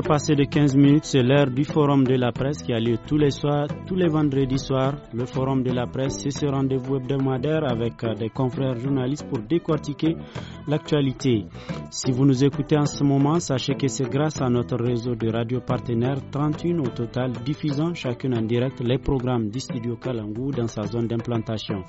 passé de 15 minutes, c'est l'heure du Forum de la presse qui a lieu tous les soirs, tous les vendredis soirs. Le Forum de la presse, c'est ce rendez-vous hebdomadaire avec euh, des confrères journalistes pour décortiquer l'actualité. Si vous nous écoutez en ce moment, sachez que c'est grâce à notre réseau de radio partenaires, 31 au total, diffusant chacune en direct les programmes du studio Kalangou dans sa zone d'implantation.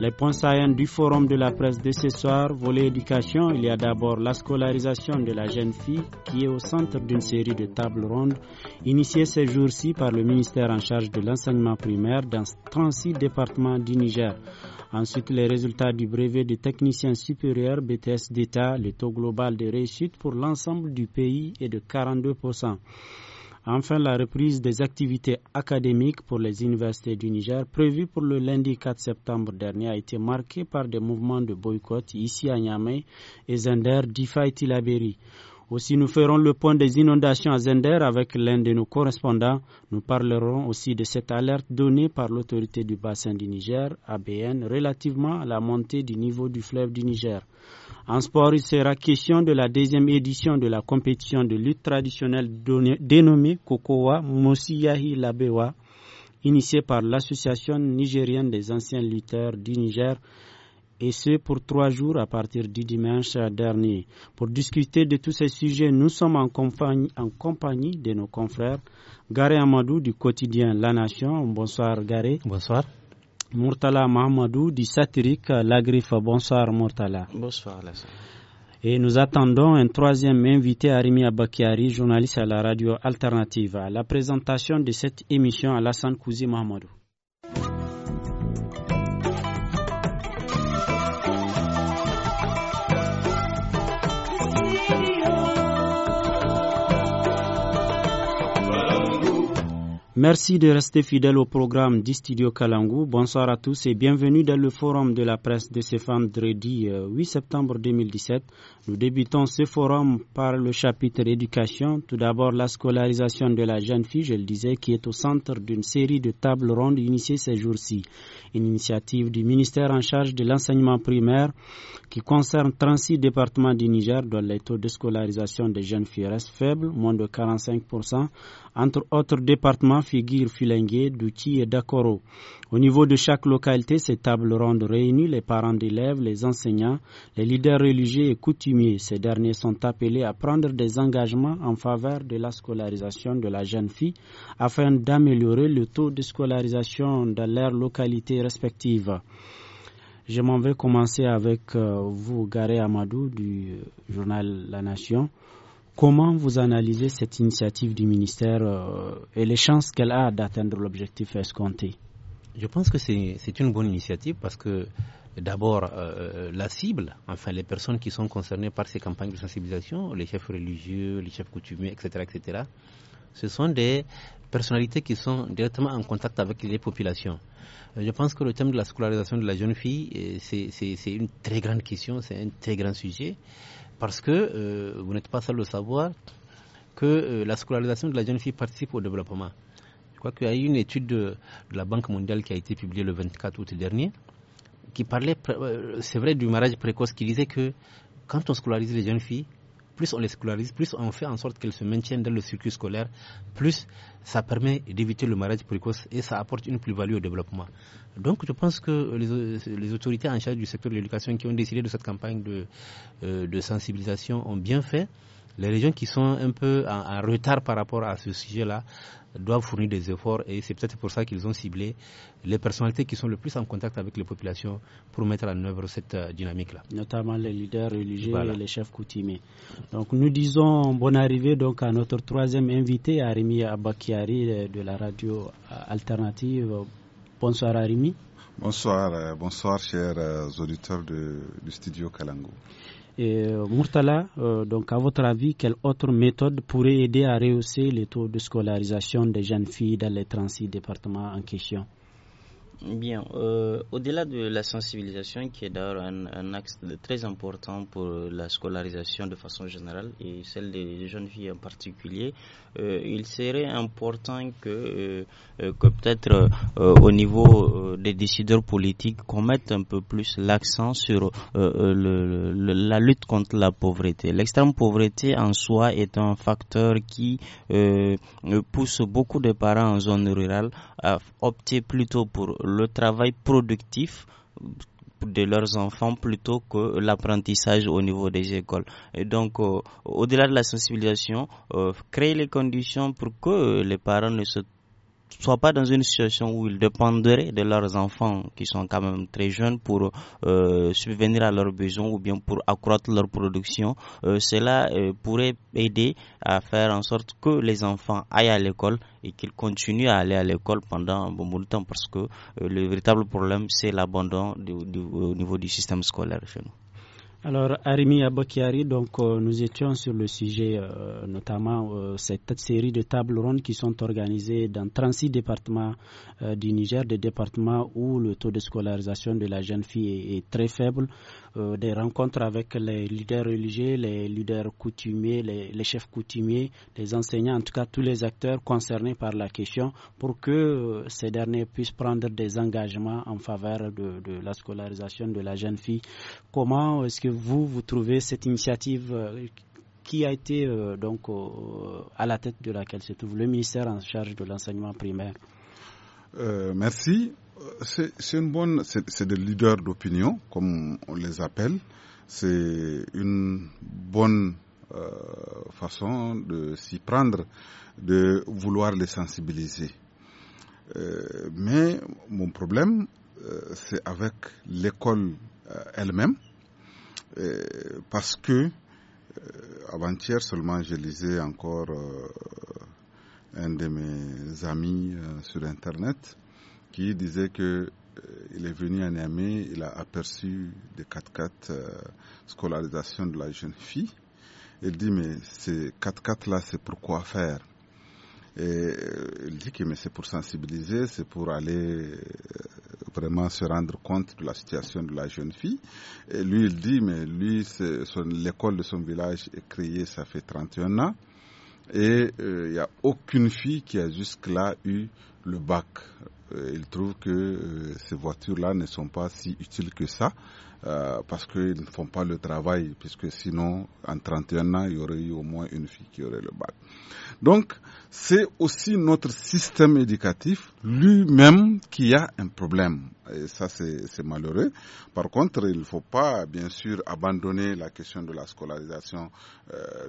Les points saillants du Forum de la presse de ce soir, volet éducation, il y a d'abord la scolarisation de la jeune fille qui est au centre d'une série de tables rondes initiées ces jours-ci par le ministère en charge de l'enseignement primaire dans 36 départements du Niger. Ensuite, les résultats du brevet des techniciens supérieurs, BTS d'État, le taux global de réussite pour l'ensemble du pays est de 42%. Enfin, la reprise des activités académiques pour les universités du Niger, prévue pour le lundi 4 septembre dernier, a été marquée par des mouvements de boycott ici à Niamey et Zender, Difa et Tilaberi. Aussi, nous ferons le point des inondations à Zender avec l'un de nos correspondants. Nous parlerons aussi de cette alerte donnée par l'autorité du bassin du Niger, ABN, relativement à la montée du niveau du fleuve du Niger. En sport, il sera question de la deuxième édition de la compétition de lutte traditionnelle dénommée Kokowa Mosiyahi Labewa, initiée par l'Association nigérienne des anciens lutteurs du Niger et ce pour trois jours à partir du dimanche dernier. Pour discuter de tous ces sujets, nous sommes en compagnie, en compagnie de nos confrères Garé Amadou du quotidien La Nation. Bonsoir Garé. Bonsoir. Murtala Mahamadou du satirique La Griffe. Bonsoir Murtala. Bonsoir Et nous attendons un troisième invité, Arimi Abakiari, journaliste à la radio alternative. À la présentation de cette émission, à Alassane Kouzi Mahamadou. Merci de rester fidèle au programme d'Istudio Studio Kalangou. Bonsoir à tous et bienvenue dans le forum de la presse de ce vendredi 8 septembre 2017. Nous débutons ce forum par le chapitre éducation. Tout d'abord, la scolarisation de la jeune fille, je le disais, qui est au centre d'une série de tables rondes initiées ces jours-ci. Une initiative du ministère en charge de l'enseignement primaire qui concerne 36 départements du Niger dont les taux de scolarisation des jeunes filles restent faibles, moins de 45%. Entre autres départements figurent Filengue, Douti et Dakoro. Au niveau de chaque localité, ces tables rondes réunissent les parents d'élèves, les enseignants, les leaders religieux et coutumiers. Ces derniers sont appelés à prendre des engagements en faveur de la scolarisation de la jeune fille afin d'améliorer le taux de scolarisation dans leurs localités respectives. Je m'en vais commencer avec euh, vous, Garé Amadou, du euh, journal La Nation. Comment vous analysez cette initiative du ministère euh, et les chances qu'elle a d'atteindre l'objectif escompté Je pense que c'est une bonne initiative parce que d'abord euh, euh, la cible, enfin les personnes qui sont concernées par ces campagnes de sensibilisation, les chefs religieux, les chefs coutumiers, etc., etc., ce sont des personnalités qui sont directement en contact avec les populations. Je pense que le thème de la scolarisation de la jeune fille, c'est une très grande question, c'est un très grand sujet. Parce que euh, vous n'êtes pas seul de savoir que euh, la scolarisation de la jeune fille participe au développement. Je crois qu'il y a eu une étude de, de, la Banque mondiale qui a été publiée le 24 août dernier qui parlait, euh, c'est vrai, du mariage précoce qui disait que quand on scolarise les jeunes filles, plus on les scolarise, plus on fait en sorte qu'elles se maintiennent dans le circuit scolaire, plus ça permet d'éviter le mariage précoce et ça apporte une plus-value au développement. Donc je pense que les, autorités en charge du secteur de l'éducation qui ont décidé de cette campagne de euh, sensibilisation ont bien fait les régions qui sont un peu en, retard par rapport à ce sujet-là doivent fournir des efforts et c'est peut-être pour ça qu'ils ont ciblé les personnalités qui sont le plus en contact avec les populations pour mettre en œuvre cette euh, dynamique-là. Notamment les leaders religieux et les chefs coutumiers. Donc nous disons bonne arrivée à notre troisième invité, Arimi Abakiari euh, de la radio euh, alternative. Bonsoir Arimi. Bonsoir, bonsoir chers auditeurs du studio Kalango. Et euh, Murtala, euh, donc à votre avis, quelle autre méthode pourrait aider à rehausser les taux de scolarisation des jeunes filles dans les 36 départements en question Bien, euh, au-delà de la sensibilisation qui est d'ailleurs un, axe très important pour la scolarisation de façon générale et celle des jeunes filles en particulier, euh, il serait important que, euh, que peut-être au niveau des décideurs politiques qu'on mette un peu plus l'accent sur le, la lutte contre la pauvreté. L'extrême pauvreté en soi est un facteur qui pousse beaucoup de parents en zone rurale à opter plutôt pour le travail productif de leurs enfants plutôt que l'apprentissage au niveau des écoles. Et donc, euh, au-delà de la sensibilisation, euh, créer les conditions pour que les parents ne se Soit pas dans une situation où ils dépendraient de leurs enfants qui sont quand même très jeunes pour euh, subvenir à leurs besoins ou bien pour accroître leur production. Euh, cela euh, pourrait aider à faire en sorte que les enfants aillent à l'école et qu'ils continuent à aller à l'école pendant un bon bout de temps parce que le véritable problème c'est l'abandon au niveau du système scolaire chez nous. Alors, Arimi Abokiari, donc, euh, nous étions sur le sujet, euh, notamment euh, cette série de tables rondes qui sont organisées dans 36 départements du Niger, des départements où le taux de scolarisation de la jeune fille est très faible. Euh, des rencontres avec les leaders religieux, les leaders coutumiers, les, chefs coutumiers, les enseignants, en tout cas tous les acteurs concernés par la question pour que euh, ces derniers puissent prendre des engagements en faveur de, la scolarisation de la jeune fille. Comment est-ce que vous, vous trouvez cette initiative euh, qui a été donc à la tête de laquelle se trouve le ministère en charge de l'enseignement primaire Merci. C'est une bonne, c'est des leaders d'opinion, comme on les appelle. C'est une bonne euh, façon de s'y prendre, de vouloir les sensibiliser. Euh, mais mon problème, euh, c'est avec l'école elle-même, parce que avant-hier seulement, je lisais encore un de mes amis sur Internet qui disait que euh, il est venu en Niamey, il a aperçu des 4x4 euh, scolarisation de la jeune fille. Il dit, mais ces 4x4 là, c'est pour quoi faire Et euh, il dit que mais c'est pour sensibiliser, c'est pour aller vraiment se rendre compte de la situation de la jeune fille. Et lui, il dit, mais lui, l'école de son village est créée, ça fait 31 ans. Et il n'y a aucune fille qui a jusque-là eu le bac euh, ils trouvent que euh, ces voitures-là ne sont pas si utiles que ça. Euh, parce qu'elles ne font pas le travail, puisque sinon, en 31 ans, il y aurait eu au moins une fille qui aurait le bac. Donc, c'est aussi notre système éducatif lui-même qui a un problème. Et ça, c'est malheureux. Par contre, il ne faut pas, bien sûr, abandonner la question de la scolarisation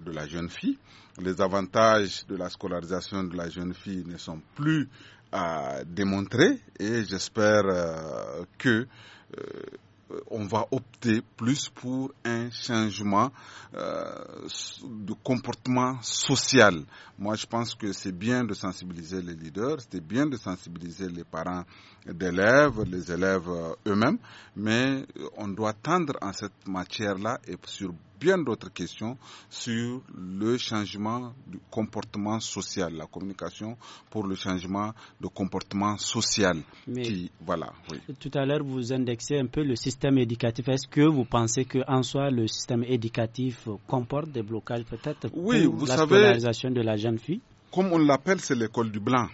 de la jeune fille. Les avantages de la scolarisation de la jeune fille ne sont plus à démontrer et j'espère euh, que euh, on va opter plus pour un changement euh, de comportement social. Moi, je pense que c'est bien de sensibiliser les leaders, c'est bien de sensibiliser les parents d'élèves, les élèves eux-mêmes, mais on doit tendre en cette matière-là et sur bien d'autres questions sur le changement du comportement social, la communication pour le changement de comportement social. voilà, Tout à l'heure, vous indexez un peu le système éducatif. Est-ce que vous pensez qu'en soi, le système éducatif comporte des blocages peut-être pour la de la jeune fille Comme on l'appelle, c'est l'école du blanc.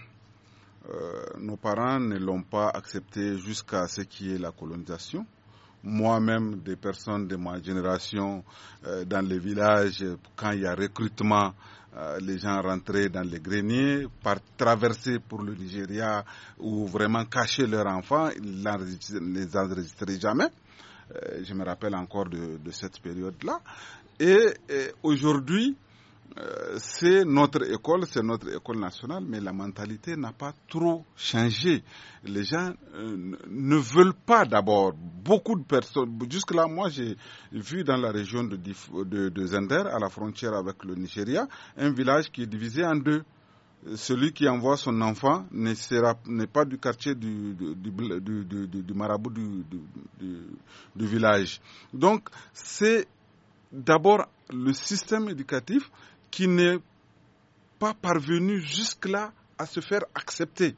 Euh, nos parents ne l'ont pas accepté jusqu'à ce qui est la colonisation moi-même des personnes de ma génération euh, dans les villages, quand il y a recrutement, euh, les gens rentraient dans les greniers, par traverser pour le Nigeria ou vraiment cacher leurs enfants, ils ne les enregistraient jamais. Euh, je me rappelle encore de, de cette période-là. et aujourd'hui, euh, c'est notre école, c'est notre école nationale, mais la mentalité n'a pas trop changé. Les gens euh, ne veulent pas d'abord. Beaucoup de personnes, jusque-là, moi j'ai vu dans la région de, Zender, à la frontière avec le Nigeria, un village qui est divisé en deux. Celui qui envoie son enfant n'est pas du quartier du, du marabout du village. Donc, c'est d'abord le système éducatif qui n'est pas parvenu jusque-là à se faire accepter.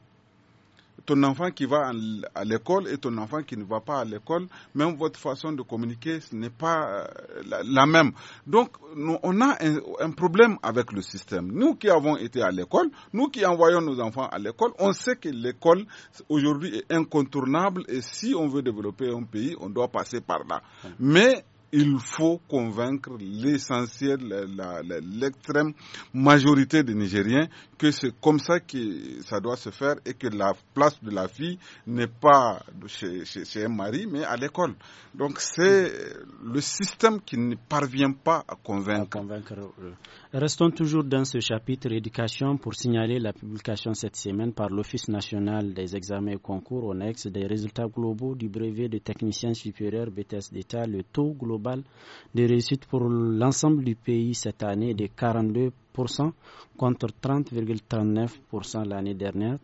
Ton enfant qui va à l'école et ton enfant qui ne va pas à l'école, même votre façon de communiquer n'est pas euh, la même. Donc, nous, on a un, un, problème avec le système. Nous qui avons été à l'école, nous qui envoyons nos enfants à l'école, on sait que l'école aujourd'hui est incontournable et si on veut développer un pays, on doit passer par là. Mais il faut convaincre l'essentiel, l'extrême majorité des Nigériens que c'est comme ça que ça doit se faire et que la place de la fille n'est pas chez, un mari, mais à l'école. Donc c'est le système qui ne parvient pas À convaincre. Euh, Restons toujours dans ce chapitre éducation pour signaler la publication cette semaine par l'Office national des examens et concours ONEX des résultats globaux du brevet de technicien supérieur BTS d'État. Le taux global de réussite pour l'ensemble du pays cette année est de 42% contre 30,39% l'année dernière.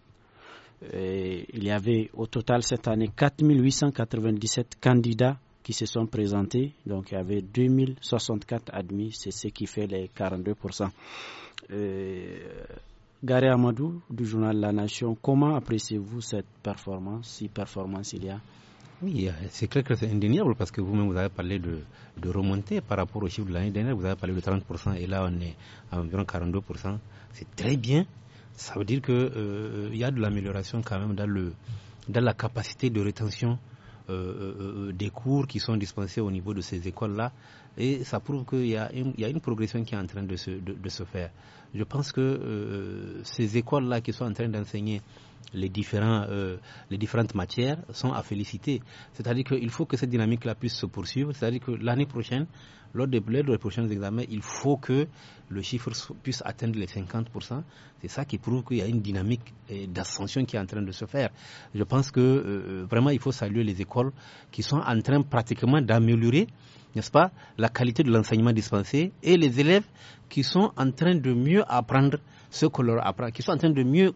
Euh, il y avait au total cette année 4897 candidats qui se sont présentés. Donc il y avait 2064 admis, c'est ce qui fait les 42%. Euh, Gary Amadou du journal La Nation, comment appréciez-vous cette performance, si performance il y a oui, euh, c'est clair que c'est indéniable parce que vous-même, vous avez parlé de, de remontée par rapport au chiffre de l'année dernière. Vous avez parlé de 30% et là, on est à environ 42%. C'est très bien. Ça veut dire qu'il euh, y a de l'amélioration quand même dans, le, dans la capacité de rétention euh, euh, euh, des cours qui sont dispensés au niveau de ces écoles-là. Et ça prouve qu'il y, a une progression qui est en train de se, faire. Je pense que ces écoles-là qui sont en train d'enseigner les, différents, les différentes matières sont à féliciter. C'est-à-dire qu'il faut que cette dynamique-là puisse se poursuivre. C'est-à-dire que l'année prochaine, lors des, prochains examens, il faut que le chiffre puisse atteindre les 50%. C'est ça qui prouve qu'il y a une dynamique d'ascension qui est en train de se faire. Je pense que euh, euh, vraiment, il faut saluer les écoles qui sont en train pratiquement d'améliorer n'est-ce pas, la qualité de l'enseignement dispensé et les élèves qui sont en train de mieux apprendre ce qu'on leur apprend, qui sont en train de mieux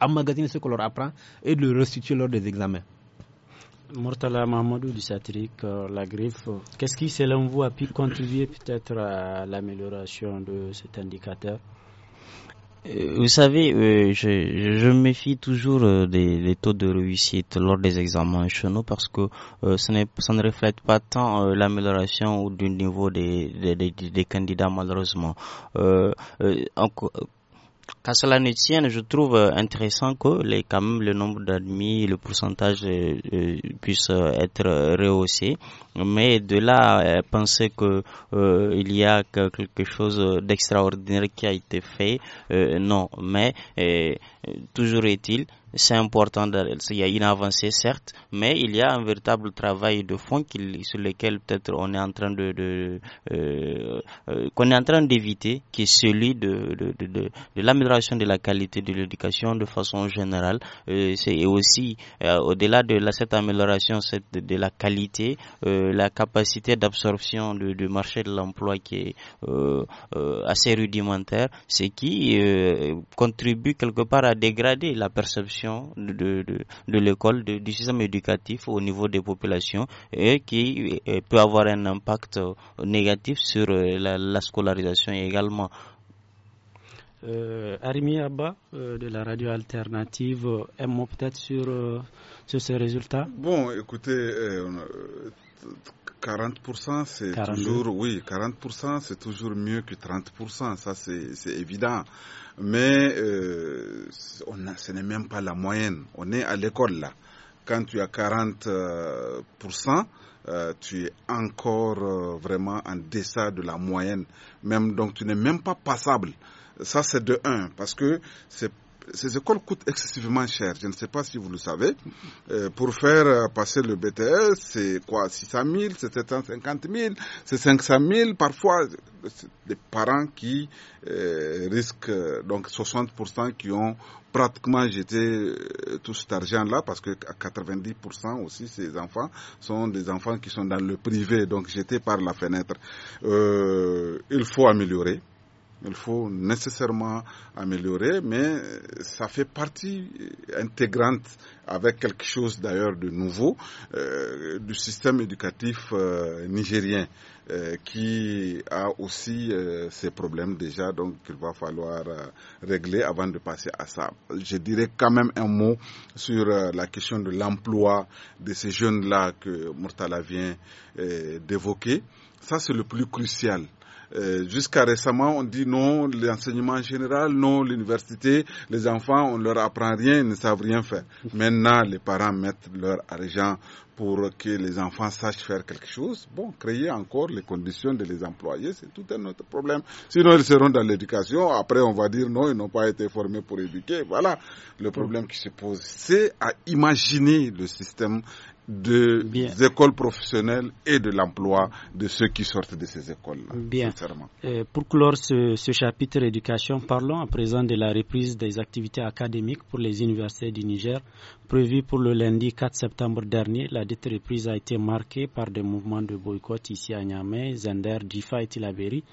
emmagasiner ce qu'on leur apprend et de le restituer lors des examens. Mortala Mamadou du satirique, euh, la griffe, qu'est-ce qui, selon vous, a pu contribuer peut-être à l'amélioration de cet indicateur euh, vous savez, euh, je, méfie toujours des, taux de réussite lors des examens nationaux parce que ça, ne reflète pas tant l'amélioration l'amélioration du niveau des, des, candidats malheureusement. Qu'à cela ne tienne, je trouve euh, intéressant que les, le nombre d'admis, le pourcentage euh, euh, puisse être rehaussé. Mais de là, penser que il y a quelque chose d'extraordinaire qui a été fait, non. Mais toujours est-il, c'est important. Il y a une avancée, certes, mais il y a un véritable travail de fond sur lequel peut-être on est en train de, euh, euh, qu'on est en train d'éviter, qui est celui de, de, l'amélioration de la qualité de l'éducation de façon générale. et euh, c'est aussi au-delà de cette amélioration, de, la qualité, la capacité d'absorption du marché de l'emploi qui est assez rudimentaire, ce qui contribue quelque part à dégrader la perception de, de, l'école, du système éducatif au niveau des populations et qui euh, peut avoir un impact euh, négatif sur euh, la, scolarisation également. Euh, Arimi Abba de la radio alternative, un mot peut-être sur, sur ces résultats Bon, écoutez, 40% c'est toujours oui 40% c'est toujours mieux que 30% ça c'est évident mais euh, on ce n'est même pas la moyenne. On est à l'école là. Quand tu as 40%, euh, euh, tu es encore vraiment en deçà de la moyenne. Même, donc tu n'es même pas passable. Ça, c'est de un, parce que c'est ces écoles coûtent excessivement cher. Je ne sais pas si vous le savez. Euh, pour faire euh, passer le BTS, c'est quoi 600 000, c'est 750 000, c'est 500 000. Parfois, des parents qui euh, risquent euh, donc 60% qui ont pratiquement jeté euh, tout cet argent-là parce que à 90% aussi ces enfants sont des enfants qui sont dans le privé donc jetés par la fenêtre. Euh, il faut améliorer il faut nécessairement améliorer, mais ça fait partie intégrante avec quelque chose d'ailleurs de nouveau euh, du système éducatif euh, nigérien euh, qui a aussi ses problèmes déjà, donc qu'il va falloir régler avant de passer à ça. Je dirais quand même un mot sur la question de l'emploi de ces jeunes-là que Murtala vient d'évoquer. Ça, c'est le plus crucial. Euh, jusqu'à récemment, on dit non, l'enseignement général, non, l'université, les enfants, on leur apprend rien, ils ne savent rien faire. Maintenant, les parents mettent leur argent pour que les enfants sachent faire quelque chose, bon, créer encore les conditions de les employer, c'est tout un autre problème. Sinon, ils seront dans l'éducation. Après, on va dire non, ils n'ont pas été formés pour éduquer. Voilà le problème qui se pose. C'est à imaginer le système de des écoles professionnelles et de l'emploi de ceux qui sortent de ces écoles-là. Bien. Euh, pour clore ce, ce, chapitre éducation, parlons à présent de la reprise des activités académiques pour les universités du Niger. Prévu pour le lundi 4 septembre dernier, la dite a été marquée par des mouvements de boycott ici à Niamey, Zender, Difa et Tilaberi.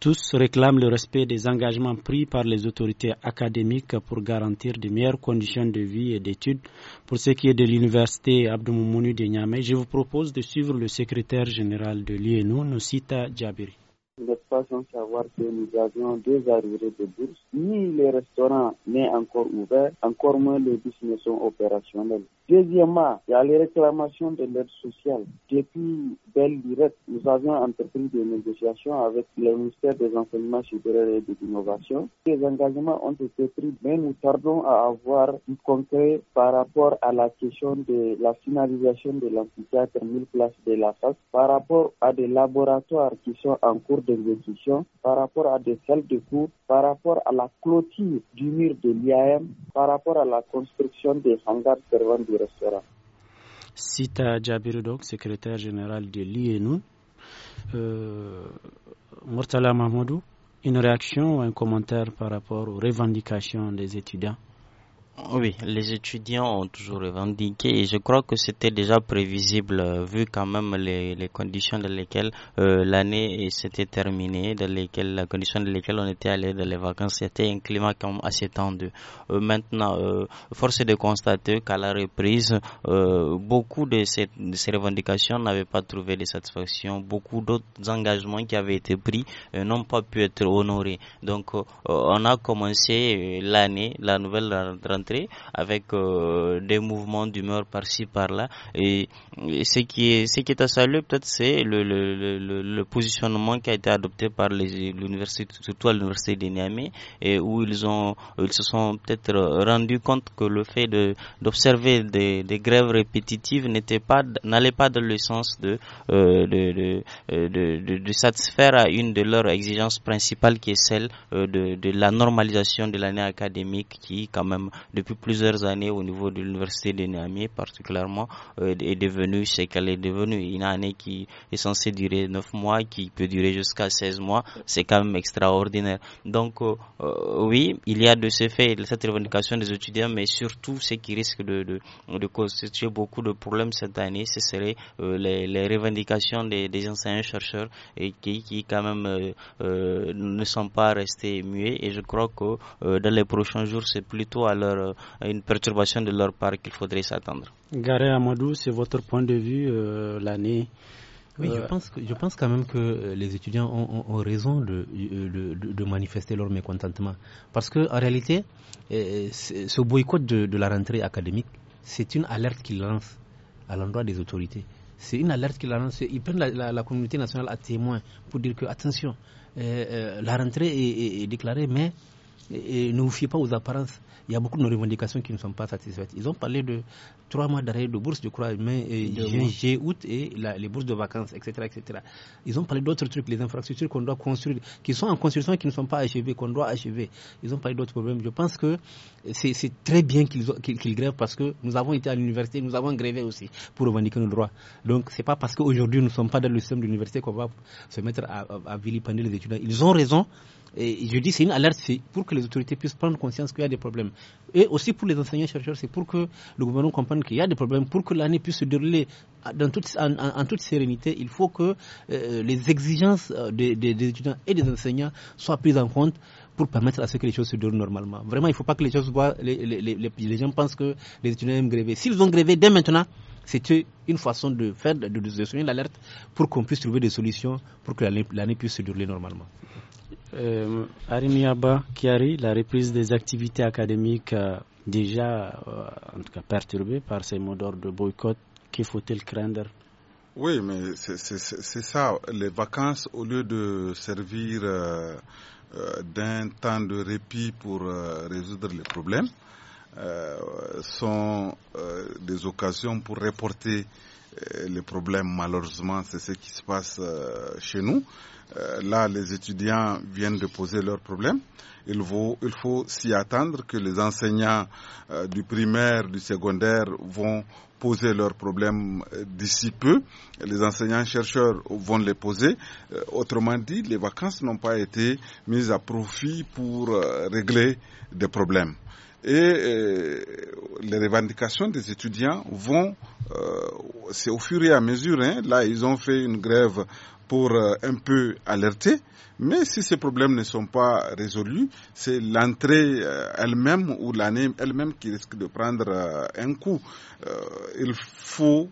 Tous réclament le respect des engagements pris par les autorités académiques pour garantir de meilleures conditions de vie et d'études. Pour ce qui est de l'université Abdou de Niamey, je vous propose de suivre le secrétaire général de l'UNO, Nocita Djabiri. Nous n'êtes pas sans savoir que nous avions deux arrivées de bourse, ni le restaurants n'est encore ouvert, encore moins les bus ne sont opérationnels. Deuxièmement, il y a les réclamations de l'aide sociale. Depuis belle Direct, nous avions entrepris des négociations avec le ministère des Enseignements supérieurs et de l'Innovation. Les engagements ont été pris, mais nous tardons à avoir du concret par rapport à la question de la finalisation de l'amphithéâtre 1000 places de la face, par rapport à des laboratoires qui sont en cours d'exécution, par rapport à des salles de cours, par rapport à la clôture du mur de l'IAM, par rapport à la construction des hangars servant de Sita secrétaire général de l'INU. Euh, Mahmoudou, une réaction ou un commentaire par rapport aux revendications des étudiants Oh oui, les étudiants ont toujours revendiqué et je crois que c'était déjà prévisible euh, vu quand même les, conditions dans lesquelles euh, l'année s'était terminée, dans lesquelles la condition dans lesquelles on était allé dans les vacances, c'était un climat assez tendu. Euh, maintenant, force est de constater qu'à la reprise, beaucoup de, ces, revendications n'avaient pas trouvé de satisfaction, beaucoup d'autres engagements qui avaient été pris n'ont pas pu être honorés. Donc, on a commencé l'année, la nouvelle rentrée avec euh, des mouvements d'humeur par-ci par-là et, ce qui est ce qui est à saluer peut-être c'est le, positionnement qui a été adopté par l'université surtout à l'université de Niamey et où ils ont ils se sont peut-être rendus compte que le fait de d'observer des, grèves répétitives n'était pas n'allait pas dans le sens de, euh, de, euh, de, de, de, satisfaire à une de leurs exigences principales qui est celle de, de la normalisation de l'année académique qui quand même depuis plusieurs années au niveau de l'université de Niamey particulièrement euh, est devenue ce qu'elle est devenue. Une année qui est censée durer 9 mois, qui peut durer jusqu'à 16 mois, c'est quand même extraordinaire. Donc euh, euh, oui, il y a de ce fait cette revendication des étudiants, mais surtout ce qui risque de, constituer beaucoup de problèmes cette année, ce serait les, revendications des, enseignants-chercheurs qui, qui quand même ne sont pas restés muets. Et je crois que dans les prochains jours, c'est plutôt à leur euh, une perturbation de leur part qu'il faudrait s'attendre. Garé Amadou, c'est votre point de vue euh, l'année oui, je euh, pense, que, je pense quand même que les étudiants ont, raison de, de, manifester leur mécontentement. Parce que en réalité, ce boycott de, la rentrée académique, c'est une alerte qu'ils lancent à l'endroit des autorités. C'est une alerte qu'ils lancent. Ils prennent la, communauté nationale à témoin pour dire que, attention, la rentrée est déclarée, mais et, ne vous fiez pas aux apparences. Il y a beaucoup de nos revendications qui ne sont pas satisfaites. Ils ont parlé de trois mois d'arrêt de bourse, je crois, mais juillet, août et les bourses de vacances, etc., etc. Ils ont parlé d'autres trucs, les infrastructures qu'on doit construire, qui sont en construction et qui ne sont pas achevées, qu'on doit achever. Ils ont parlé d'autres problèmes. Je pense que c'est très bien qu'ils grèvent parce que nous avons été à l'université, nous avons grévé aussi pour revendiquer nos droits. Donc, c'est pas parce qu'aujourd'hui nous ne sommes pas dans le système de l'université qu'on va se mettre à, à, à vilipender les étudiants. Ils ont raison je dis c'est une alerte, pour que les autorités puissent prendre conscience qu'il y a des problèmes. Et aussi pour les enseignants-chercheurs, c'est pour que le gouvernement comprenne qu'il y a des problèmes, pour que l'année puisse se dérouler en, toute sérénité. Il faut que euh, les exigences euh, des, étudiants et des enseignants soient prises en compte pour permettre à ce que les choses se déroulent normalement. Vraiment, il ne faut pas que les, choses gens pensent que les étudiants aiment gréver. S'ils ont grévé dès maintenant, c'est une façon de faire, de, de, l'alerte pour qu'on puisse trouver des solutions pour que l'année puisse se dérouler normalement euh, Arimiaba Kiari, la reprise des activités académiques euh, déjà, euh, en tout cas perturbée par ces mots de boycott, qu'il faut-il craindre Oui, mais c'est ça. Les vacances, au lieu de servir euh, d'un temps de répit pour résoudre les problèmes, sont des occasions pour reporter les problèmes. Malheureusement, c'est ce qui se passe chez nous. Euh, là, les étudiants viennent de poser leurs problèmes. Il faut, il faut s'y attendre que les enseignants euh, du primaire, du secondaire vont poser leurs problèmes euh, d'ici peu. Les enseignants-chercheurs vont les poser. Autrement dit, les vacances n'ont pas été mises à profit pour régler des problèmes. Et les revendications des étudiants vont, c'est au fur et à mesure, hein, là ils ont fait une grève pour euh, un peu alerter. Mais si ces problèmes ne sont pas résolus, c'est l'entrée euh, elle-même ou l'année elle-même qui risque de prendre euh, un coup. Il faut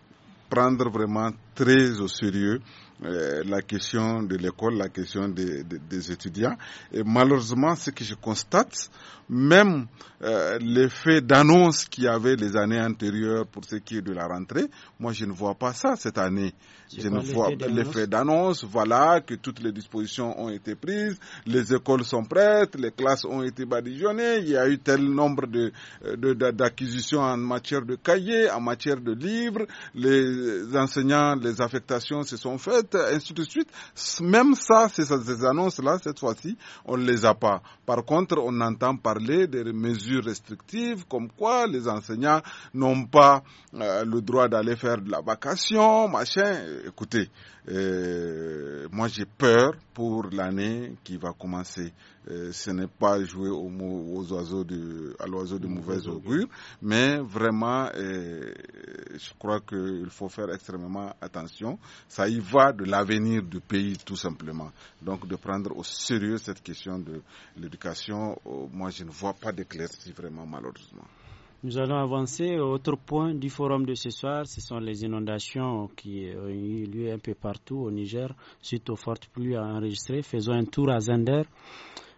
prendre vraiment très au sérieux euh, la question de l'école, la question des, étudiants. Et malheureusement, ce que je constate, même euh, l'effet d'annonce qu'il y avait les années antérieures pour ce qui est de la rentrée, moi je ne vois pas ça cette année. Je, ne vois pas l'effet d'annonce, voilà, que toutes les dispositions ont été prises, les écoles sont prêtes, les classes ont été badigeonnées, il y a eu tel nombre de, d'acquisitions en matière de cahiers, en matière de livres, les enseignants, les les affectations se sont faites, ainsi de suite. Même ça, ces, annonces-là, cette fois-ci, on ne les a pas. Par contre, on entend parler des mesures restrictives, comme quoi les enseignants n'ont pas euh, le droit d'aller faire de la vacation, machin. Écoutez, euh, moi j'ai peur pour l'année qui va commencer. Euh, ce n'est pas jouer aux, oiseaux de, à l'oiseau de mauvaise augure, mais vraiment, euh, je crois qu'il faut faire extrêmement attention. Ça y va de l'avenir du pays, tout simplement. Donc, de prendre au sérieux cette question de l'éducation, euh, moi, je ne vois pas d'éclairci vraiment, malheureusement. Nous allons avancer. Autre point du forum de ce soir, ce sont les inondations qui ont eu lieu un peu partout au Niger suite aux fortes pluies enregistrées. Faisons un tour à Zender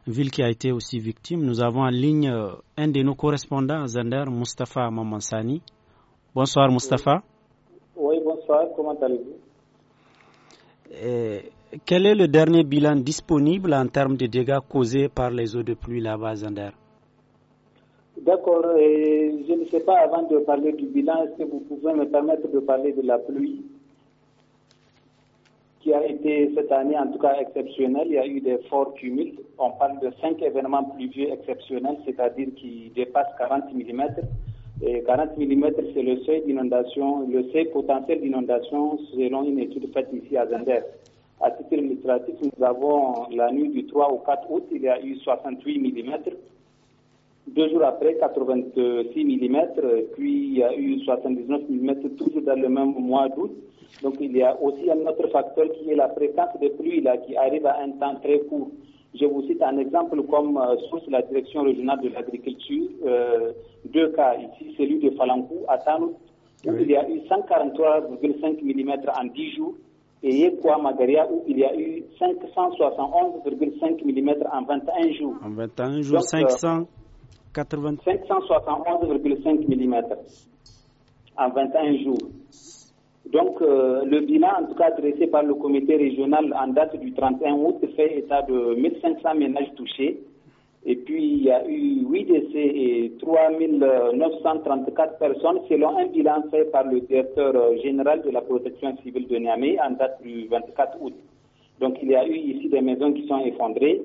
ville qui a été aussi victime. Nous avons en ligne euh, un de nos correspondants, Zander Mustafa Mamansani. Bonsoir Mustafa. Oui, bonsoir, comment allez-vous euh, Quel est le dernier bilan disponible en termes de dégâts causés par les eaux de pluie là-bas, Zander D'accord, je ne sais pas avant de parler du bilan, est-ce que vous pouvez me permettre de parler de la pluie qui a été cette année en tout cas exceptionnelle. Il y a eu des forts cumuls. On parle de cinq événements pluvieux exceptionnels, c'est-à-dire qui dépassent 40 mm. Et 40 mm, c'est le seuil d'inondation, le seuil potentiel d'inondation selon une étude faite ici à Zender. À titre illustratif, nous avons la nuit du 3 au 4 août, il y a eu 68 mm. Deux jours après, 86 mm, puis il y a eu 79 mm toujours dans le même mois d'août. Donc il y a aussi un autre facteur qui est la fréquence des pluies là, qui arrive à un temps très court. Je vous cite un exemple comme euh, source source la direction régionale de l'agriculture. Euh, deux cas ici, celui de Falankou à Tanout, où il y a eu 143,5 mm en 10 jours, et Yekwa Magaria, où il y a eu 571,5 mm en 21 jours. En 21 jours, 500. 571,5 mm en 21 jours. Donc, euh, le bilan, en tout cas, dressé par le comité régional en date du 31 août, fait état de 1500 ménages touchés. Et puis, il y a eu 8 décès et 3934 euh, personnes, selon un bilan fait par le directeur euh, général de la protection civile de Niamey en date du 24 août. Donc, il y a eu ici des maisons qui sont effondrées,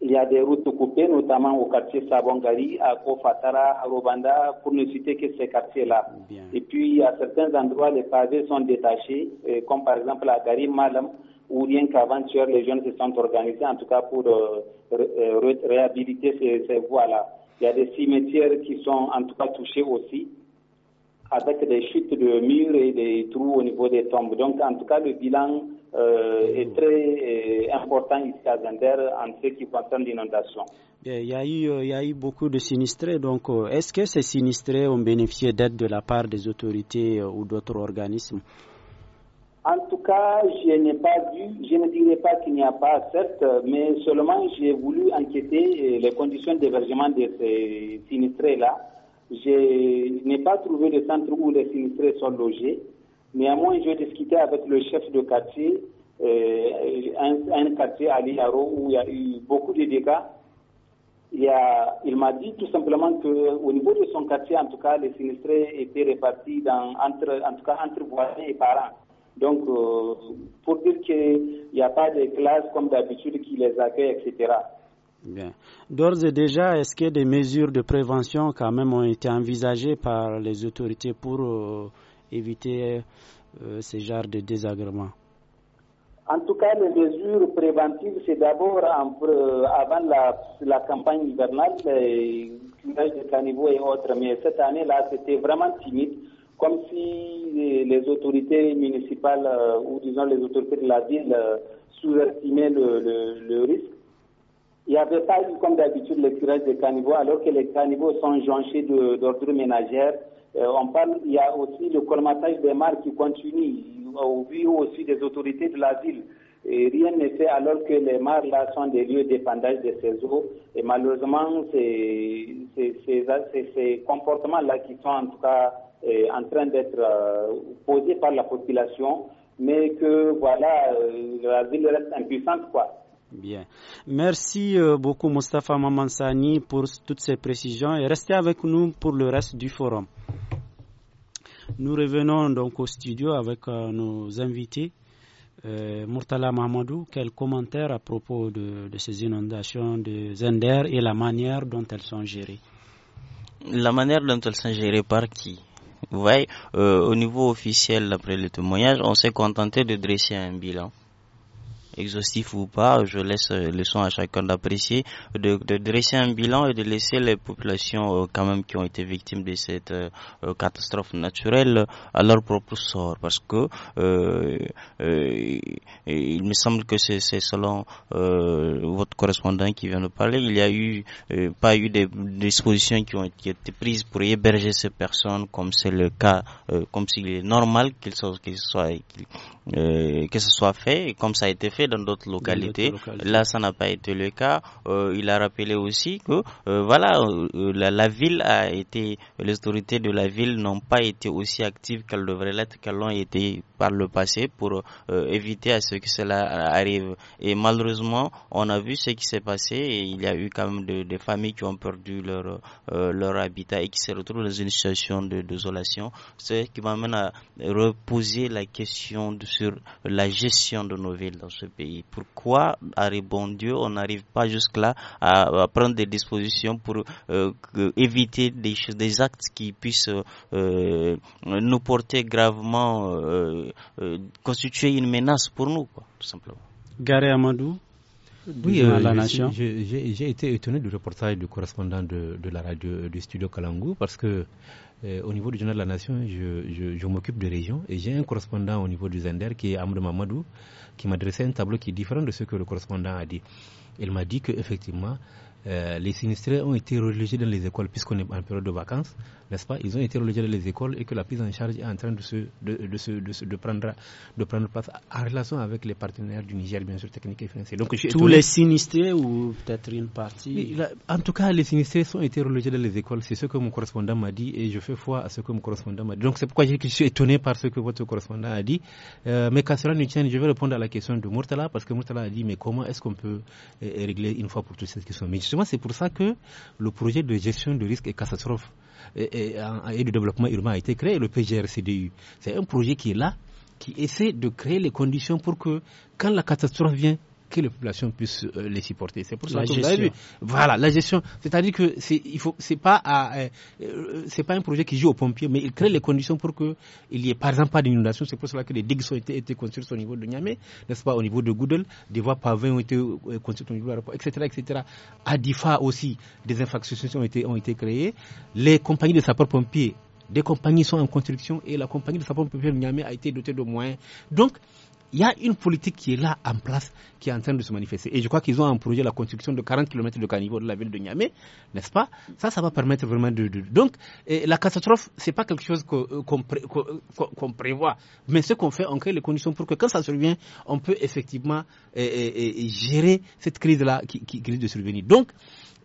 il y a des routes coupées, notamment au quartier Sabongari, à Kofatara, à Robanda, pour ne citer que ces quartiers-là. Et puis, à certains endroits, les pavés sont détachés, euh, comme par exemple à Gari Malam, où rien qu'avant-hier, les jeunes se sont organisés, en tout cas pour euh, euh, réhabiliter ces, ces voies-là. Il y a des cimetières qui sont en tout cas touchés aussi avec des chutes de murs et des trous au niveau des tombes. Donc, en tout cas, le bilan euh, est très euh, important ici à Zender en ce qui concerne l'inondation. Euh, il y, a eu, beaucoup de sinistrés. Donc, est-ce que ces sinistrés ont bénéficié d'aide de la part des autorités ou d'autres organismes en tout cas, je n'ai pas vu, je ne dirais pas qu'il n'y a pas, certes, mais seulement j'ai voulu enquêter les conditions d'hébergement de ces sinistrés-là. Je n'ai pas trouvé de centre où les sinistrés sont logés. Néanmoins, j'ai discuté avec le chef de quartier, euh, un, quartier à Liaro où il y a eu beaucoup de dégâts. Il, m'a dit tout simplement qu'au niveau de son quartier, en tout cas, les sinistrés étaient répartis dans, entre, en tout cas, entre voisins et parents. Donc, euh, pour dire qu'il n'y a pas de classe comme d'habitude qui les accueille, etc. Bien. D'ores et déjà, est-ce que des mesures de prévention quand même ont été envisagées par les autorités pour euh, éviter euh, ce genre de désagréments En tout cas, les mesures préventives, c'est d'abord avant la, campagne hivernale, les de caniveau et autres. Mais cette année-là, c'était vraiment timide, comme si les autorités municipales euh, ou disons les autorités de la ville sous-estimaient le risque. Il n'y avait pas eu, comme d'habitude, le tirage des caniveaux, alors que les caniveaux sont jonchés d'ordures ménagères. Euh, on parle, il y a aussi le colmatage des mares qui continue, au vu aussi des autorités de la ville. Et rien n'est fait alors que les mares là sont des lieux d'épandage de ces eaux. Et malheureusement, c'est ces comportements-là qui sont en tout cas euh, en train d'être euh, posés par la population, mais que voilà, la ville reste impuissante quoi. Bien. Merci euh, beaucoup, Mustafa Mamansani, pour toutes ces précisions et restez avec nous pour le reste du forum. Nous revenons donc au studio avec euh, nos invités. Euh, Murtala Mamadou quel commentaire à propos de, ces inondations de Zender et la manière dont elles sont gérées La manière dont elles sont gérées par qui Vous voyez, au niveau officiel, d'après le témoignage, on s'est contenté de dresser un bilan exhaustif ou pas, je laisse euh, le soin à chacun d'apprécier, de, dresser un bilan et de laisser les populations euh, quand même qui ont été victimes de cette euh, catastrophe naturelle à leur propre sort, parce que il me semble que c'est selon votre correspondant qui vient de parler, il n'y a eu pas eu des dispositions qui ont été prises pour héberger ces personnes, comme c'est le cas, comme s'il est normal qu'il soit, que ce soit fait, comme ça a été fait dans d'autres localités. Là, ça n'a pas été le cas. Euh, il a rappelé aussi que euh, voilà, euh, la, ville a été, les autorités de la ville n'ont pas été aussi actives qu'elles devraient l'être, qu'elles l'ont été par le passé pour euh, éviter à ce que cela euh, arrive. Et malheureusement, on a vu ce qui s'est passé et il y a eu quand même des familles qui ont perdu leur, euh, leur habitat et qui se retrouvent dans une situation de désolation, ce qui m'amène à reposer la question sur la gestion de nos villes dans ce pays. Pourquoi, à bon Dieu, on n'arrive pas jusque-là à, prendre des dispositions pour éviter des, des actes qui puissent nous porter gravement euh, constituer une menace pour nous, tout simplement. Garé Amadou oui, euh, J'ai été étonné du reportage du correspondant de, la radio du studio Kalangou parce que euh, au niveau du journal de la Nation, je, m'occupe de régions et j'ai un correspondant au niveau du Zender qui est Amadou Mamadou qui m'a dressé un tableau qui est différent de ce que le correspondant a dit. Il m'a dit que effectivement euh, les sinistrés ont été relogés dans les écoles, puisqu'on est en période de vacances, n'est-ce pas Ils ont été relogés dans les écoles et que la prise en charge est en train de, se, de, prendre, de prendre place en relation avec les partenaires du Niger, bien sûr, technique et financier. Donc, Tous les sinistrés ou peut-être une partie En tout cas, les sinistrés ont été relogés dans les écoles. C'est ce que mon correspondant m'a dit et je fais foi à ce que mon correspondant m'a dit. Donc, c'est pourquoi je suis étonné par ce que votre correspondant a dit. Euh, mais qu'à cela je vais répondre à la question de Murtala parce que Murtala a dit mais comment est-ce qu'on peut euh, régler une fois pour toutes ces questions Justement, c'est pour ça que le projet de gestion de risque et catastrophes et, euh, de développement urbain a été créé, le PGRCDU. C'est un projet qui est là, qui essaie de créer les conditions pour que quand la catastrophe vient, que les populations puissent euh, les supporter. C'est pour ça que vous avez vu. Voilà, la gestion. C'est-à-dire que c'est il pas euh, euh, pas un projet qui joue aux pompiers, mais il crée les conditions pour que il y ait par exemple pas d'inondation. C'est pour cela que les digues ont été, construites au niveau de Niamey, n'est-ce pas, au niveau de Goudel, des voies pavées ont été construites au niveau de l'aéroport, etc., etc. À Difa aussi, des infrastructures ont été ont été créées. Les compagnies de sapeurs-pompiers des compagnies sont en construction et la compagnie de sapeurs-pompiers de Niamey a été dotée de moyens. Donc, il y a une politique qui est là en place, qui est en train de se manifester. Et je crois qu'ils ont un projet, la construction de 40 km de caniveau de la ville de Niamey, n'est-ce pas Ça, ça va permettre vraiment de... Donc, la catastrophe, ce n'est pas quelque chose euh, euh, qu'on prévoit. Mais ce qu'on fait, on crée les conditions pour que quand ça survient, on peut effectivement gérer cette crise-là qui, qui, risque de survenir. Donc,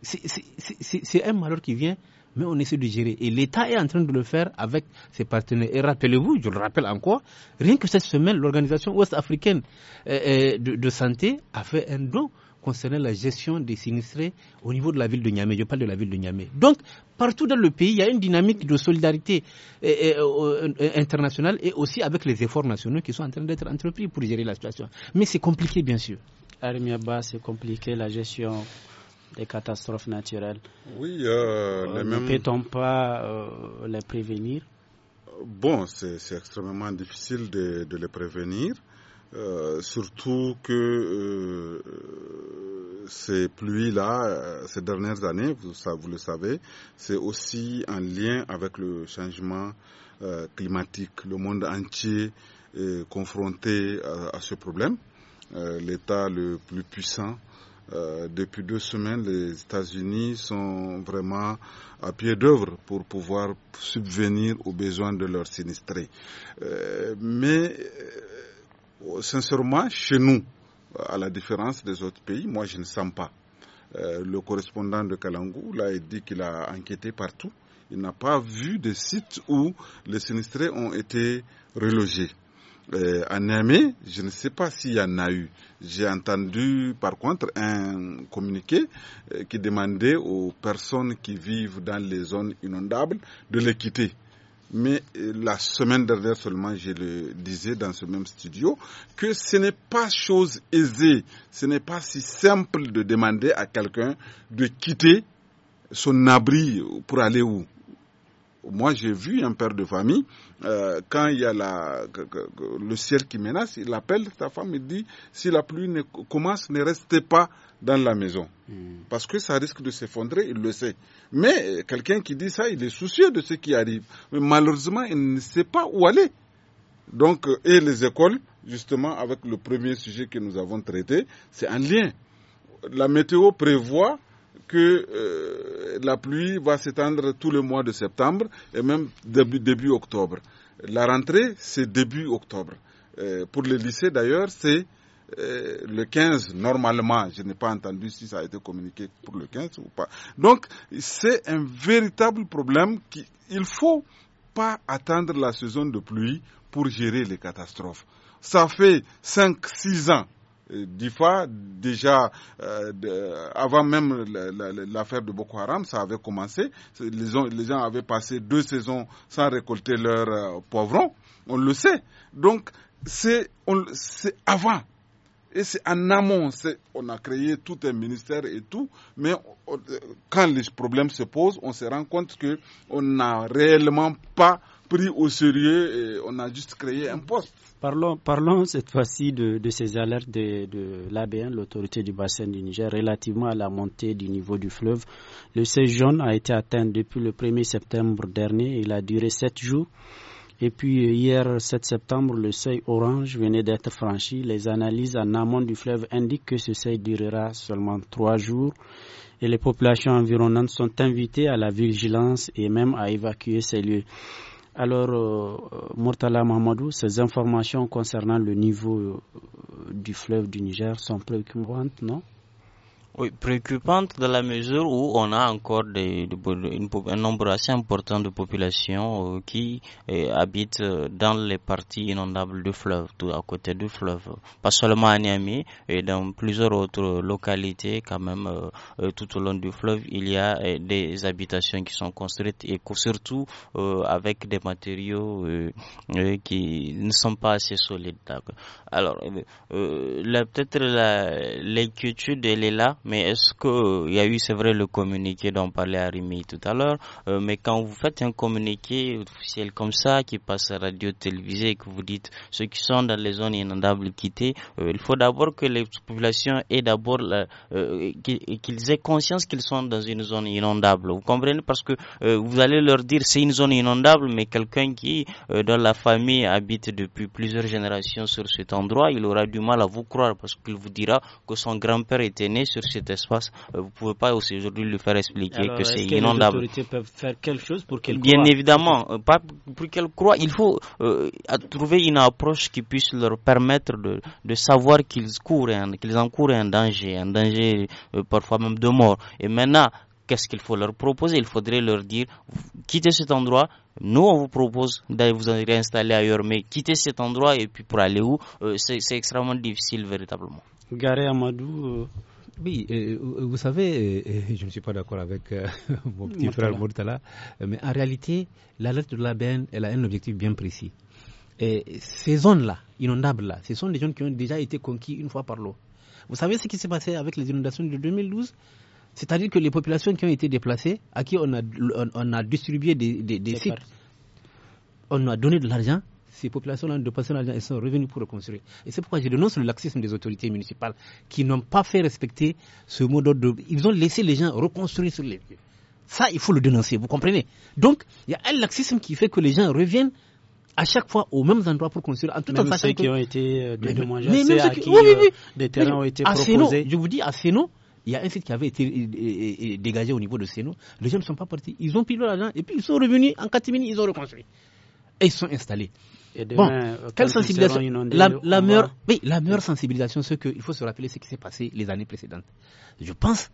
c'est un malheur qui vient mais on essaie de gérer. Et l'État est en train de le faire avec ses partenaires. Et rappelez-vous, je le rappelle encore, rien que cette semaine, l'Organisation ouest-africaine euh, euh, de, santé a fait un don concernant la gestion des sinistrés au niveau de la ville de Niamey. Je parle de la ville de Niamey. Donc, partout dans le pays, il y a une dynamique de solidarité euh, internationale et aussi avec les efforts nationaux qui sont en train d'être entrepris pour gérer la situation. Mais c'est compliqué, bien sûr. Armiaba, c'est compliqué la gestion des catastrophes naturelles. Oui, euh, euh, Ne peut-on pas euh, les prévenir Bon, c'est extrêmement difficile de, les prévenir, surtout que ces pluies-là, ces dernières années, vous, le savez, c'est aussi en lien avec le changement climatique. Le monde entier est confronté à ce problème. L'État le plus puissant euh, depuis deux semaines, les États-Unis sont vraiment à pied d'œuvre pour pouvoir subvenir aux besoins de leurs sinistrés. Euh, mais euh, sincèrement, chez nous, à la différence des autres pays, moi je ne sens pas. le correspondant de Kalangou l'a dit qu'il a enquêté partout. Il n'a pas vu de sites où les sinistrés ont été relogés en euh, Niamey, je ne sais pas s'il y en a eu. J'ai entendu par contre un communiqué euh, qui demandait aux personnes qui vivent dans les zones inondables de les quitter. Mais euh, la semaine dernière seulement, je le disais dans ce même studio, que ce n'est pas chose aisée, ce n'est pas si simple de demander à quelqu'un de quitter son abri pour aller où moi j'ai vu un père de famille, euh, quand il y a le ciel qui menace, il appelle sa femme et dit, si la pluie ne commence, ne restez pas dans la maison. Hmm. Parce que ça risque de s'effondrer, il le sait. Mais quelqu'un qui dit ça, il est soucieux de ce qui arrive. Mais malheureusement, il ne sait pas où aller. Donc, euh, et les écoles, justement, avec le premier sujet que nous avons traité, c'est un lien. La météo prévoit que euh, la pluie va s'étendre tout le mois de septembre et même début, octobre. La rentrée, c'est début octobre. Euh, pour les lycées, d'ailleurs, c'est euh, le 15, normalement. Je n'ai pas entendu si ça a été communiqué pour le 15 ou pas. Donc, c'est un véritable problème qu'il ne faut pas attendre la saison de pluie pour gérer les catastrophes. Ça fait 5-6 ans euh, d'IFA, déjà euh, avant même l'affaire de Boko Haram, ça avait commencé. Les gens, les gens avaient passé deux saisons sans récolter leurs euh, poivrons, on le sait. Donc, c'est avant. Et c'est en amont, on a créé tout un ministère et tout, mais quand les problèmes se posent, on se rend compte qu'on n'a réellement pas pris au sérieux et on a juste créé un poste. Parlons, cette fois-ci de, ces alertes de, l'ABN, l'autorité du bassin du Niger, relativement à la montée du niveau du fleuve. Le seuil jaune a été atteint depuis le 1er septembre dernier. Il a duré 7 jours. Et puis hier 7 septembre, le seuil orange venait d'être franchi. Les analyses en amont du fleuve indiquent que ce seuil durera seulement trois jours et les populations environnantes sont invitées à la vigilance et même à évacuer ces lieux. Alors, euh, Murtala ces informations concernant le niveau euh, du fleuve du Niger sont préoccupantes, non oui, préoccupante dans la mesure où on a encore des, un nombre assez important de populations euh, qui euh, habitent euh, dans les parties inondables du fleuve, tout à côté du fleuve. Pas seulement à Niamey, et dans plusieurs autres localités quand même tout au long du fleuve, il y a des habitations qui sont construites et surtout avec des matériaux qui ne sont pas assez solides. Alors, peut-être l'inquiétude, elle est là mais est-ce euh, il y a eu, c'est vrai, le communiqué dont parlait Arimi tout à l'heure, euh, mais quand vous faites un communiqué officiel comme ça, qui passe à la radio, télévisée, que vous dites ceux qui sont dans les zones inondables quitter, euh, il faut d'abord que les populations aient d'abord, qu'ils aient conscience qu'ils sont dans une zone inondable. Vous comprenez Parce que vous allez leur dire c'est une zone inondable, mais quelqu'un qui, dans la famille, habite depuis plusieurs générations sur cet endroit, il aura du mal à vous croire parce qu'il vous dira que son grand-père était né sur cet espace, euh, vous pouvez pas aussi aujourd'hui lui faire expliquer que c'est inondable. Les autorités peuvent faire quelque chose pour Bien évidemment, euh, pas pour qu'elle croit. Il faut euh, trouver une approche qui puisse leur permettre de, savoir qu'ils courent, qu'ils encourent un danger, un danger parfois même de mort. Et maintenant, qu'est-ce qu'il faut leur proposer Il faudrait leur dire quittez cet endroit. Nous, on vous propose d'aller vous réinstaller ailleurs, mais quittez cet endroit et puis pour aller où C'est extrêmement difficile, véritablement. Garé Amadou, oui, euh, vous savez, je ne suis pas d'accord avec euh, mon petit frère Murtala, mais en réalité, l'alerte de la elle a un objectif bien précis. ces zones-là, inondables-là, ce sont des zones qui ont déjà été conquises une fois par l'eau. Vous savez ce qui s'est passé avec les inondations de 2012 C'est-à-dire que les populations qui ont été déplacées, à qui on a, distribué des, des sites, on a donné de l'argent, ces populations-là de dépassé l'argent, elles sont revenus pour reconstruire. Et c'est pourquoi je dénonce le laxisme des autorités municipales qui n'ont pas fait respecter ce mot d'ordre. Ils ont laissé les gens reconstruire sur les lieux. Ça, il faut le dénoncer, vous comprenez Donc, il y a un laxisme qui fait que les gens reviennent à chaque fois aux mêmes endroits pour construire en tout même ceux qui ont été euh, dédommagés ceux qui, euh, des terrains ont été proposés je vous dis à Seno, il y a un site qui avait été euh, dégagé au niveau de Seno. les gens ne sont pas partis ils ont pris l'argent et puis ils sont revenus en minutes, ils ont reconstruit et ils sont installés bon, euh, quelle sensibilisation la, meilleure, oui, la meilleure sensibilisation, c'est qu'il faut se rappeler ce qui s'est passé les années précédentes. Je pense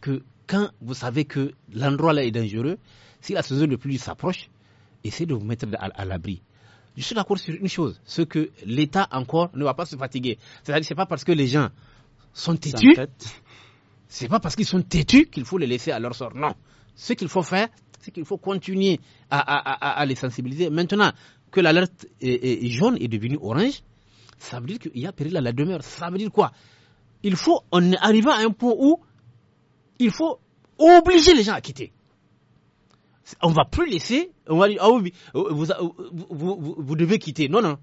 que quand vous savez que l'endroit là est dangereux, si la saison de pluie s'approche, essayez de vous mettre à, l'abri. Je suis d'accord sur une chose, c'est que l'État encore ne va pas se fatiguer. C'est-à-dire, c'est pas parce que les gens sont têtus, c'est pas parce qu'ils sont têtus qu'il faut les laisser à leur sort. Non, ce qu'il faut faire, c'est qu'il faut continuer à, à, à, à les sensibiliser. Maintenant, que l'alerte est, jaune est devenue orange, ça veut dire qu'il y a péril à la demeure. Ça veut dire quoi Il faut, on est à un point où il faut obliger les gens à quitter. On ne va plus laisser, on va dire, ah euh, vous devez quitter. Non, non.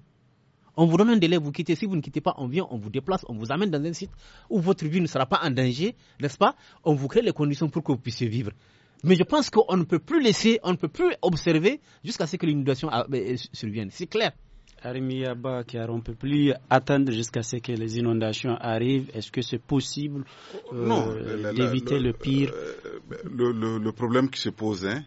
On vous donne un délai, vous quittez. Si vous ne quittez pas, on vient, on vous déplace, on vous amène dans un site où votre vie ne sera pas en danger, n'est-ce pas On vous crée les conditions pour que vous puissiez vivre. Mais je pense qu'on ne peut plus laisser, on ne peut plus observer jusqu'à ce que l'inondation ah, ben, euh, survienne. C'est clair. Arimi car on ne peut plus attendre jusqu'à ce que les inondations arrivent. Est-ce que c'est possible oh, euh, d'éviter le, pire euh, ben, le, problème qui se pose, hein,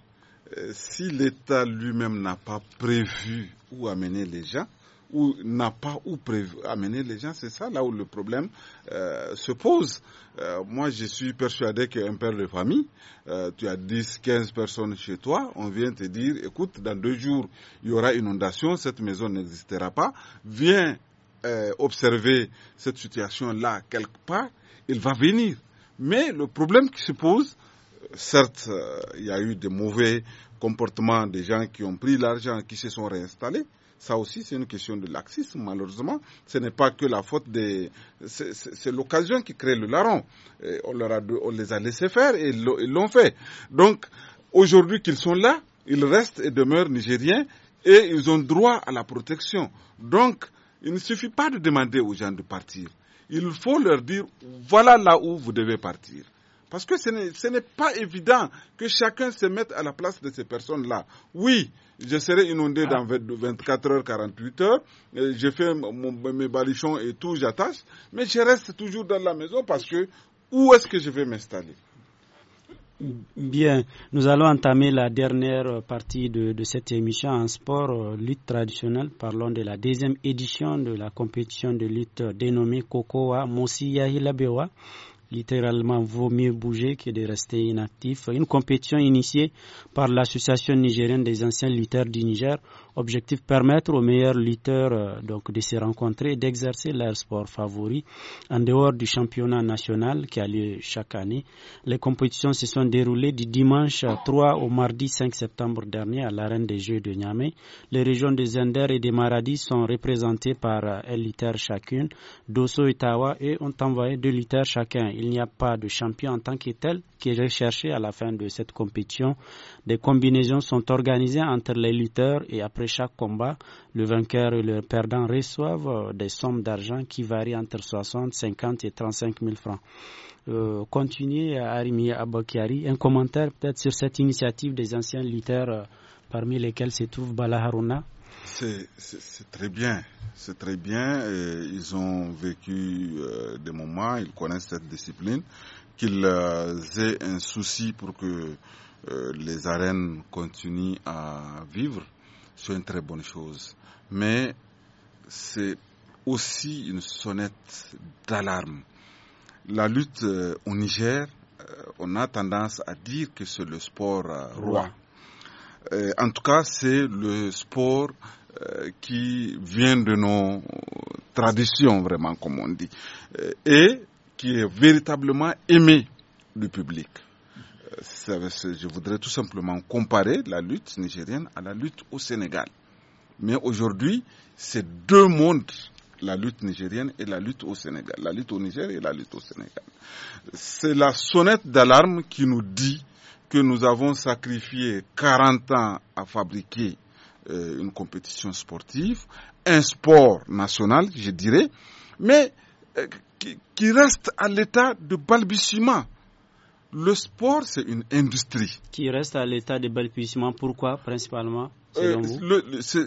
si l'État lui-même n'a pas prévu où amener les gens, ou n'a pas où amener les gens. C'est ça là où le problème euh, se pose. Euh, moi, je suis persuadé qu'un père de famille, euh, tu as 10, 15 personnes chez toi, on vient te dire, écoute, dans deux jours, il y aura inondation, cette maison n'existera pas. Viens observer cette situation-là quelque part, il va venir. Mais le problème qui se pose, certes, il y a eu des mauvais comportements des gens qui ont pris l'argent, qui se sont réinstallés, ça aussi, c'est une question de laxisme, malheureusement. Ce n'est pas que la faute des. C'est l'occasion qui crée le larron. on, on les a laissés faire et ils l'ont fait. Donc, aujourd'hui qu'ils sont là, ils restent et demeurent nigériens et ils ont droit à la protection. Donc, il ne suffit pas de demander aux gens de partir. Il faut leur dire voilà là où vous devez partir. Parce que ce n'est pas évident que chacun se mette à la place de ces personnes-là. Oui, je serai inondé dans 24 heures, 48 heures. Je fais mes balichons et tout, j'attache. Mais je reste toujours dans la maison parce que où est-ce que je vais m'installer Bien, nous allons entamer la dernière partie de, cette émission en sport, euh, lutte traditionnelle. Parlons de la deuxième édition de la compétition de lutte dénommée Kokoa Mosi Yahilabewa littéralement, vaut mieux bouger que de rester inactif. Une compétition initiée par l'Association nigérienne des anciens lutteurs du Niger Objectif permettre aux meilleurs lutteurs euh, donc, de se rencontrer et d'exercer leur sport favori en dehors du championnat national qui a lieu chaque année. Les compétitions se sont déroulées du dimanche 3 au mardi 5 septembre dernier à l'arène des Jeux de Niamey. Les régions de Zender et de Maradi sont représentées par euh, un lutteur chacune. Dosso et Tawa et ont envoyé deux lutteurs chacun. Il n'y a pas de champion en tant que tel qui est recherché à la fin de cette compétition. Des combinaisons sont organisées entre les lutteurs et après chaque combat, le vainqueur et le perdant reçoivent euh, des sommes d'argent qui varient entre 60, 50 et 35 000 francs. Euh, continuez à Arimi Abakiari. Un commentaire peut-être sur cette initiative des anciens lutteurs euh, parmi lesquels se trouve Bala Haruna C'est très bien. C'est très bien. ils ont vécu euh, des moments, ils connaissent cette discipline, qu'ils aient un souci pour que euh, les arènes continuent à vivre, c'est une très bonne chose. Mais c'est aussi une sonnette d'alarme. La lutte euh, au Niger, euh, on a tendance à dire que c'est le sport roi. en tout cas, c'est le sport qui vient de nos traditions, vraiment, comme on dit, et qui est véritablement aimé du public je voudrais tout simplement comparer la lutte nigérienne à la lutte au Sénégal. Mais aujourd'hui, c'est deux mondes, la lutte nigérienne et la lutte au Sénégal, la lutte au Niger et la lutte au Sénégal. C'est la sonnette d'alarme qui nous dit que nous avons sacrifié 40 ans à fabriquer euh, une compétition sportive, un sport national, je dirais, mais euh, qui, qui reste à l'état de balbutiement le sport, c'est une industrie. Qui reste à l'état de balbutiement. Pourquoi, principalement euh,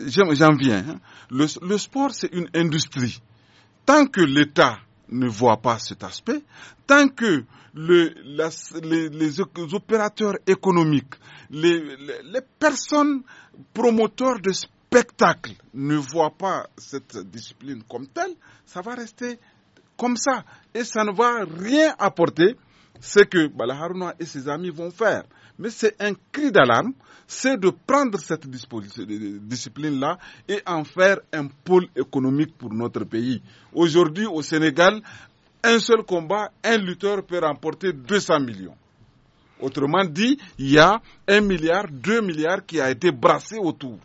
J'en viens. Hein. Le, sport, c'est une industrie. Tant que l'État ne voit pas cet aspect, tant que les, opérateurs économiques, les, les, personnes promoteurs de spectacles ne voient pas cette discipline comme telle, ça va rester comme ça et ça ne va rien apporter ce que Balaharuna et ses amis vont faire. Mais c'est un cri d'alarme, c'est de prendre cette euh, discipline-là et en faire un pôle économique pour notre pays. Aujourd'hui, au Sénégal, un seul combat, un lutteur peut remporter 200 millions. Autrement dit, il y a un milliard, deux milliards qui a été brassé autour.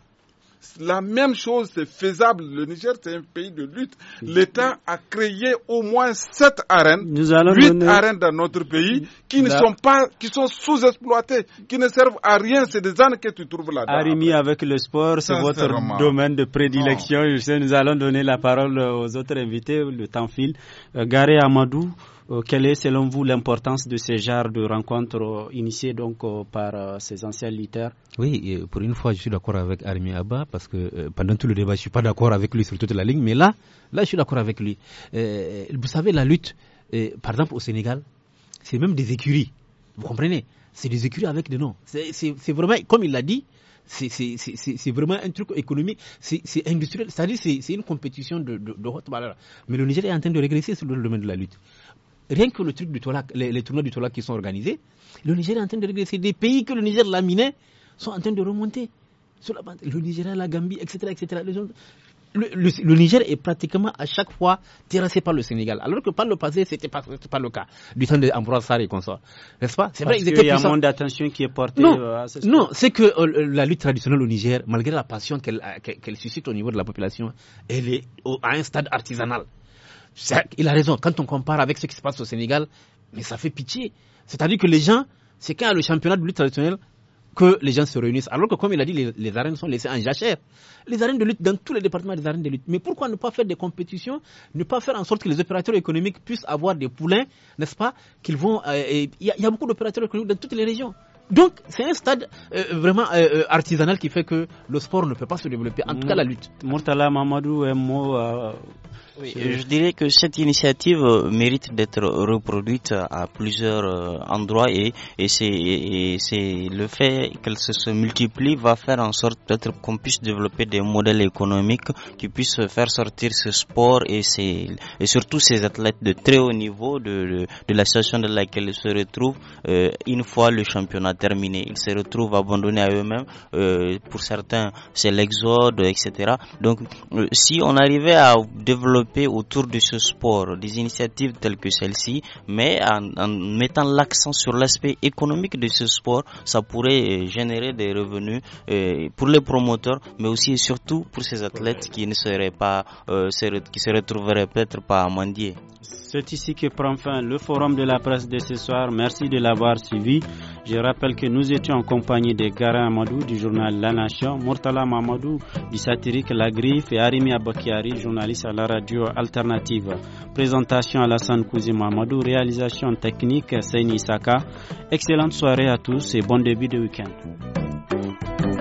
La même chose, c'est faisable. Le Niger, c'est un pays de lutte. L'État a créé au moins sept arènes, huit arènes dans notre pays qui ne sont pas, qui sont sous-exploitées, qui ne servent à rien. C'est des ânes que tu trouves là-dedans. Arimi avec le sport, c'est votre domaine de prédilection. Je nous allons donner la parole aux autres invités. Le temps file. Euh, Garé Amadou. Euh, quelle est selon vous l'importance de ces genre de rencontres euh, initiées donc euh, par ces anciens leaders? Oui, pour une fois, je suis d'accord avec Armi Abba parce que pendant tout le débat, je ne suis pas d'accord avec lui sur toute la ligne, mais là, là, je suis d'accord avec lui. vous savez, la lutte, par exemple au Sénégal, c'est même des écuries. Vous comprenez C'est des écuries avec des noms. C'est vraiment, comme il l'a dit, c'est vraiment un truc économique, c'est industriel, c'est-à-dire c'est une compétition de, de haute valeur. Mais le Niger est en train de régresser sur le domaine de la lutte rien que le truc du les, tournois du Tolak qui sont organisés, le Niger est en train de régresser. Des pays que le Niger laminait sont en train de remonter. Sur le Niger, la Gambie, etc. etc. le, Niger est pratiquement à chaque fois terrassé par le Sénégal. Alors que par le passé, c'était pas, pas le cas. Du temps d'Ambroise Sarr et consorts. N'est-ce pas? C'est vrai, y a un monde d'attention qui est porté euh, à ce Non, c'est que euh, la lutte traditionnelle au Niger, malgré la passion qu'elle suscite au niveau de la population, elle est à un stade artisanal il a raison. Quand on compare avec ce qui se passe au Sénégal, mais ça fait pitié. C'est-à-dire que les gens, c'est quand le championnat de lutte traditionnelle que les gens se réunissent. Alors que, comme il a dit, les, arènes sont laissées en jachère. Les arènes de lutte, dans tous les départements des arènes de lutte. Mais pourquoi ne pas faire des compétitions, ne pas faire en sorte que les opérateurs économiques puissent avoir des poulains, n'est-ce pas Qu'ils vont. Euh, il y, a beaucoup d'opérateurs économiques dans toutes les régions. Donc, c'est un stade euh, euh, vraiment artisanal qui fait que le sport ne peut pas se développer, en tout cas la lutte. Murtala Mamadou, oui, euh, je dirais que cette initiative euh, mérite d'être reproduite euh, à plusieurs endroits et, c'est le fait qu'elle se, multiplie va faire en sorte peut-être qu'on puisse développer des modèles économiques qui puissent faire sortir ce sport et, et surtout ces athlètes de très haut niveau de, la situation dans laquelle ils se retrouvent une fois le championnat terminé. Ils se retrouvent abandonnés à eux-mêmes. pour certains, c'est l'exode, etc. Donc, si on arrivait à développer autour de ce sport des initiatives telles que celle-ci, mais en, mettant l'accent sur l'aspect économique de ce sport, ça pourrait euh, générer des revenus euh, pour les promoteurs, mais aussi et surtout pour ces athlètes qui ne seraient pas, euh, qui se retrouveraient peut-être pas à mendier. C'est ici que prend fin le forum de la presse de ce soir. Merci de l'avoir suivi. Je rappelle que nous étions en compagnie de Gara Amadou du journal La Nation, Murtala Mamadou du satirique La Griffe et Arimi Abakiari, journaliste à la radio alternative. Présentation à Alassane Kouzi Mamadou, réalisation technique Seini Saka. Excellente soirée à tous et bon début de week-end.